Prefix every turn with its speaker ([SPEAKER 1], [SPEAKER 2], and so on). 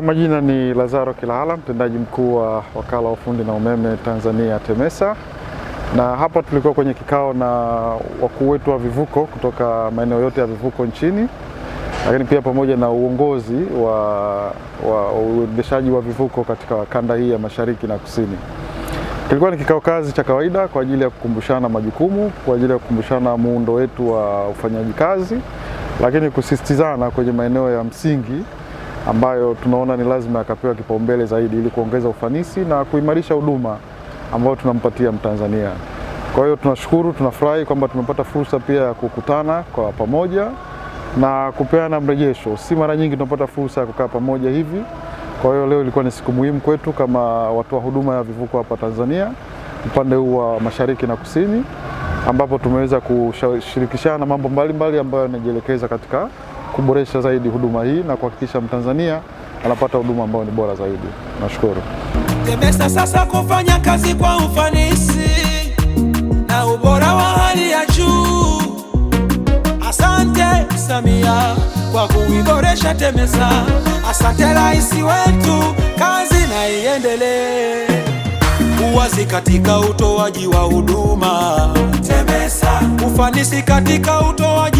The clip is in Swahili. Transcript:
[SPEAKER 1] Kwa majina ni Lazaro Kilahala, mtendaji mkuu wa wakala wa ufundi na umeme Tanzania TEMESA, na hapa tulikuwa kwenye kikao na wakuu wetu wa vivuko kutoka maeneo yote ya vivuko nchini, lakini pia pamoja na uongozi wa uendeshaji wa, wa vivuko katika kanda hii ya mashariki na kusini. Kilikuwa ni kikao kazi cha kawaida kwa ajili ya kukumbushana majukumu, kwa ajili ya kukumbushana muundo wetu wa ufanyaji kazi, lakini kusisitizana kwenye maeneo ya msingi ambayo tunaona ni lazima yakapewa kipaumbele zaidi ili kuongeza ufanisi na kuimarisha huduma ambayo tunampatia Mtanzania. Kwa hiyo tunashukuru, tunafurahi kwamba tumepata fursa pia ya kukutana kwa pamoja na kupeana mrejesho. Si mara nyingi tunapata fursa ya kukaa pamoja hivi. Kwa hiyo leo ilikuwa ni siku muhimu kwetu kama watoa wa huduma ya vivuko hapa Tanzania, upande huu wa mashariki na kusini, ambapo tumeweza kushirikishana mambo mbalimbali ambayo yanajielekeza katika kuboresha zaidi huduma hii na kuhakikisha Mtanzania anapata huduma ambayo ni bora zaidi. Nashukuru. TEMESA sasa kufanya kazi kwa ufanisi na ubora wa hali ya juu. Asante Samia kwa kuiboresha TEMESA. Asante rais wetu, kazi na iendelee. Uwazi katika utoaji wa huduma TEMESA, ufanisi katika utoaji